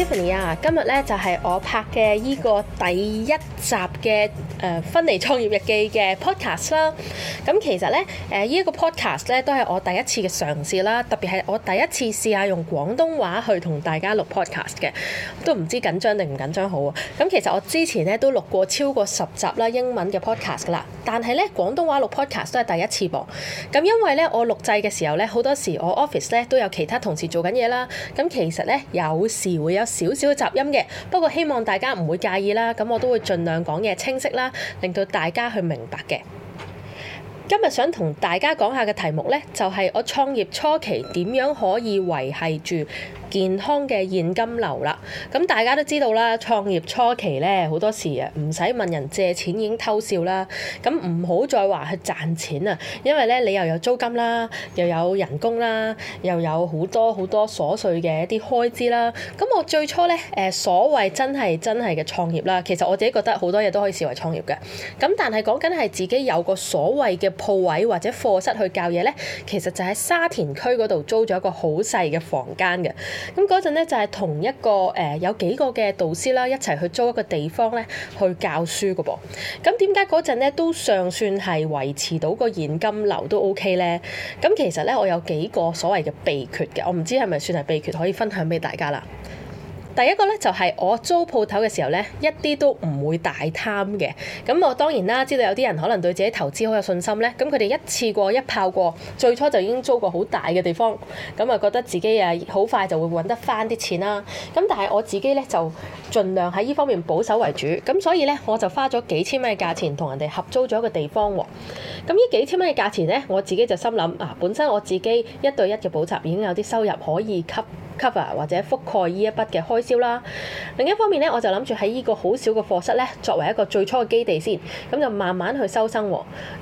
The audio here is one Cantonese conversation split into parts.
Stephanie 啊，Tiffany，今日咧就係我拍嘅依個第一集嘅誒分離創業日記嘅 podcast 啦。咁其實咧，誒依一個 podcast 咧都係我第一次嘅嘗試啦。特別係我第一次試下用廣東話去同大家錄 podcast 嘅，都唔知緊張定唔緊張好啊。咁其實我之前咧都錄過超過十集啦英文嘅 podcast 啦，但係咧廣東話錄 podcast 都係第一次噃。咁因為咧我錄製嘅時候咧，好多時我 office 咧都有其他同事做緊嘢啦。咁其實咧有時會有。少少雜音嘅，不過希望大家唔會介意啦。咁我都會盡量講嘢清晰啦，令到大家去明白嘅。今日想同大家講下嘅題目呢，就係、是、我創業初期點樣可以維係住健康嘅現金流啦。咁、嗯、大家都知道啦，創業初期呢，好多時啊，唔使問人借錢已經偷笑啦。咁唔好再話去賺錢啊，因為呢，你又有租金啦，又有人工啦，又有好多好多瑣碎嘅一啲開支啦。咁、嗯、我最初呢，誒所謂真係真係嘅創業啦，其實我自己覺得好多嘢都可以視為創業嘅。咁、嗯、但係講緊係自己有個所謂嘅鋪位或者課室去教嘢呢，其實就喺沙田區嗰度租咗一個好細嘅房間嘅。咁嗰陣呢就係、是、同一個誒、呃、有幾個嘅導師啦，一齊去租一個地方咧去教書嘅噃。咁點解嗰陣呢都尚算係維持到個現金流都 OK 呢？咁其實呢，我有幾個所謂嘅秘訣嘅，我唔知係咪算係秘訣可以分享俾大家啦。第一個咧就係我租鋪頭嘅時候咧，一啲都唔會大貪嘅。咁我當然啦，知道有啲人可能對自己投資好有信心咧。咁佢哋一次過一炮過，最初就已經租過好大嘅地方，咁啊覺得自己啊好快就會搵得返啲錢啦。咁但係我自己咧就盡量喺呢方面保守為主。咁所以咧我就花咗幾千蚊嘅價錢同人哋合租咗一個地方喎。咁呢幾千蚊嘅價錢咧，我自己就心諗啊，本身我自己一對一嘅補習已經有啲收入可以吸 cover 或者覆蓋呢一筆嘅開銷啦。另一方面咧，我就諗住喺呢個好少嘅課室咧，作為一個最初嘅基地先，咁就慢慢去收生。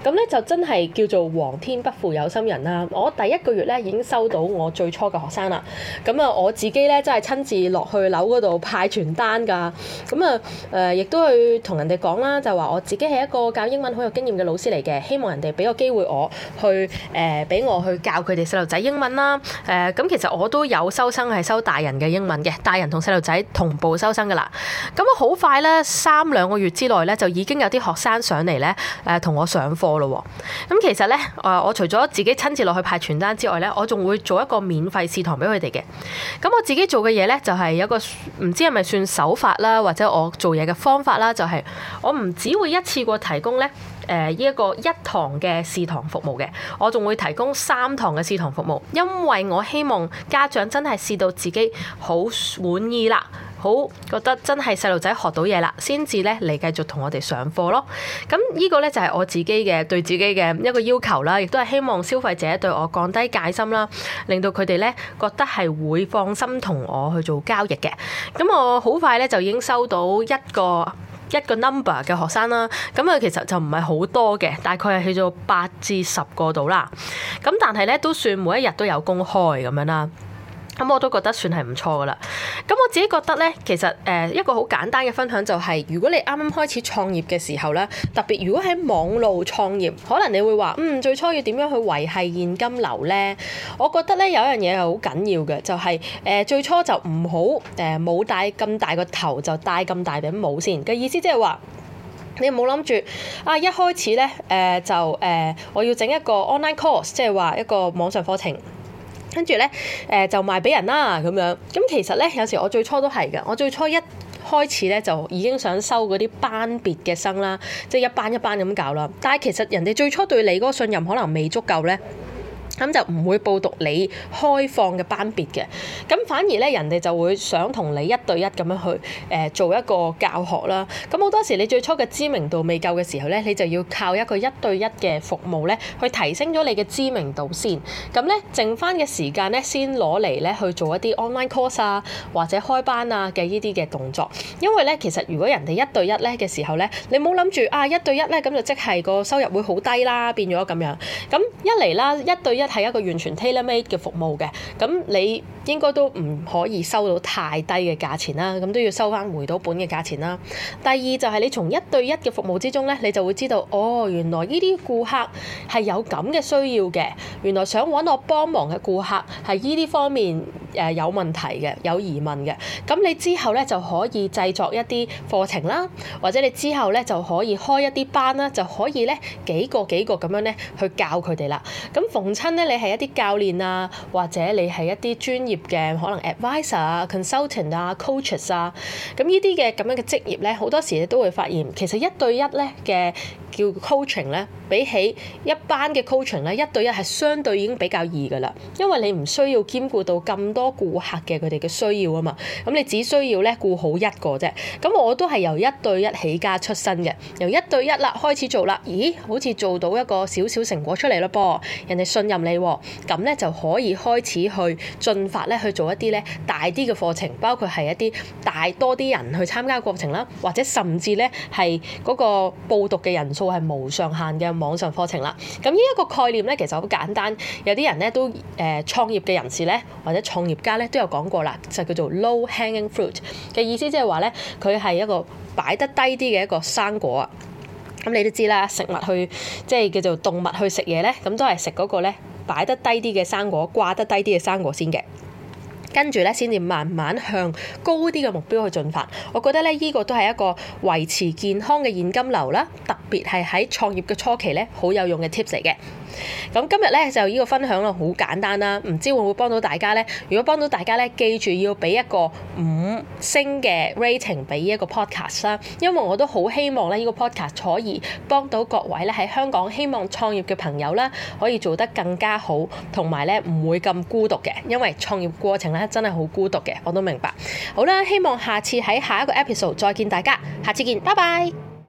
咁咧就真係叫做皇天不負有心人啦。我第一個月咧已經收到我最初嘅學生啦。咁啊，我自己咧真係親自落去樓度派傳單㗎。咁啊，誒、呃、亦都去同人哋講啦，就話我自己係一個教英文好有經驗嘅老師嚟嘅，希望人哋俾個機會我去誒俾、呃、我去教佢哋細路仔英文啦。誒、呃、咁其實我都有收生。係收大人嘅英文嘅，大人同細路仔同步收生噶啦。咁啊，好快咧，三兩個月之內咧，就已經有啲學生上嚟咧，誒，同我上課咯。咁其實咧，我除咗自己親自落去派傳單之外咧，我仲會做一個免費試堂俾佢哋嘅。咁我自己做嘅嘢咧，就係有個唔知係咪算手法啦，或者我做嘢嘅方法啦，就係我唔只會一次過提供咧，誒，呢一個一堂嘅試堂服務嘅，我仲會提供三堂嘅試堂服務，因為我希望家長真係試。到自己好滿意啦，好覺得真係細路仔學到嘢啦，先至咧嚟繼續同我哋上課咯。咁呢個咧就係我自己嘅對自己嘅一個要求啦，亦都係希望消費者對我降低戒心啦，令到佢哋咧覺得係會放心同我去做交易嘅。咁我好快咧就已經收到一個一個 number 嘅學生啦。咁啊，其實就唔係好多嘅，大概係去到八至十個度啦。咁但係咧都算每一日都有工開咁樣啦。咁我都覺得算係唔錯㗎喇。咁我自己覺得咧，其實誒、呃、一個好簡單嘅分享就係、是，如果你啱啱開始創業嘅時候咧，特別如果喺網絡創業，可能你會話，嗯，最初要點樣去維繫現金流咧？我覺得咧有一樣嘢係好緊要嘅，就係、是、誒、呃、最初就唔好誒冇戴咁大個頭就戴咁大頂帽先。嘅意思即係話，你冇諗住啊一開始咧誒、呃、就誒、呃、我要整一個 online course，即係話一個網上課程。就是跟住咧，誒、呃、就賣俾人啦咁樣。咁其實咧，有時我最初都係㗎。我最初一開始咧，就已經想收嗰啲班別嘅生啦，即係一班一班咁搞啦。但係其實人哋最初對你嗰個信任可能未足夠咧。咁就唔會報讀你開放嘅班別嘅，咁反而咧，人哋就會想同你一對一咁樣去誒做一個教學啦。咁好多時你最初嘅知名度未夠嘅時候咧，你就要靠一個一對一嘅服務咧，去提升咗你嘅知名度先。咁咧剩翻嘅時間咧，先攞嚟咧去做一啲 online course 啊，或者開班啊嘅呢啲嘅動作。因為咧其實如果人哋一對一咧嘅時候咧，你冇諗住啊一對一咧，咁就即係個收入會好低啦，變咗咁樣。咁一嚟啦一對一。係一個完全 tailor-made 嘅服務嘅，咁你應該都唔可以收到太低嘅價錢啦，咁都要收翻回到本嘅價錢啦。第二就係你從一對一嘅服務之中咧，你就會知道，哦，原來呢啲顧客係有咁嘅需要嘅，原來想搵我幫忙嘅顧客係呢啲方面誒有問題嘅、有疑問嘅，咁你之後咧就可以製作一啲課程啦，或者你之後咧就可以開一啲班啦，就可以咧幾個幾個咁樣咧去教佢哋啦。咁逢親，咧你係一啲教練啊，或者你係一啲專業嘅可能 adviser 啊、consultant 啊、coaches 啊，咁呢啲嘅咁樣嘅職業咧，好多時咧都會發現其實一對一咧嘅叫 coaching 咧，比起一班嘅 coaching 咧，一對一係相對已經比較易噶啦，因為你唔需要兼顧到咁多顧客嘅佢哋嘅需要啊嘛，咁你只需要咧顧好一個啫。咁我都係由一對一起家出身嘅，由一對一啦開始做啦，咦，好似做到一個小小成果出嚟咯噃，人哋信任你係咁咧就可以開始去進發咧，去做一啲咧大啲嘅課程，包括係一啲大多啲人去參加嘅課程啦，或者甚至咧係嗰個報讀嘅人數係無上限嘅網上課程啦。咁呢一個概念咧，其實好簡單，有啲人咧都誒創業嘅人士咧，或者創業家咧都有講過啦，就叫做 low hanging fruit 嘅意思，即係話咧佢係一個擺得低啲嘅一個生果啊。咁你都知啦，食物去即係叫做動物去食嘢咧，咁都係食嗰個咧。擺得低啲嘅生果，掛得低啲嘅生果先嘅，跟住咧先至慢慢向高啲嘅目標去進發。我覺得咧，呢個都係一個維持健康嘅現金流啦，特別係喺創業嘅初期咧，好有用嘅 tips 嚟嘅。咁今日咧就依個分享咯，好簡單啦，唔知會唔會幫到大家呢？如果幫到大家咧，記住要俾一個五星嘅 rating 俾依一個 podcast 啦，因為我都好希望咧依個 podcast 可以幫到各位咧喺香港希望創業嘅朋友啦，可以做得更加好，同埋咧唔會咁孤獨嘅，因為創業過程咧真係好孤獨嘅，我都明白。好啦，希望下次喺下一個 episode 再見大家，下次見，拜拜。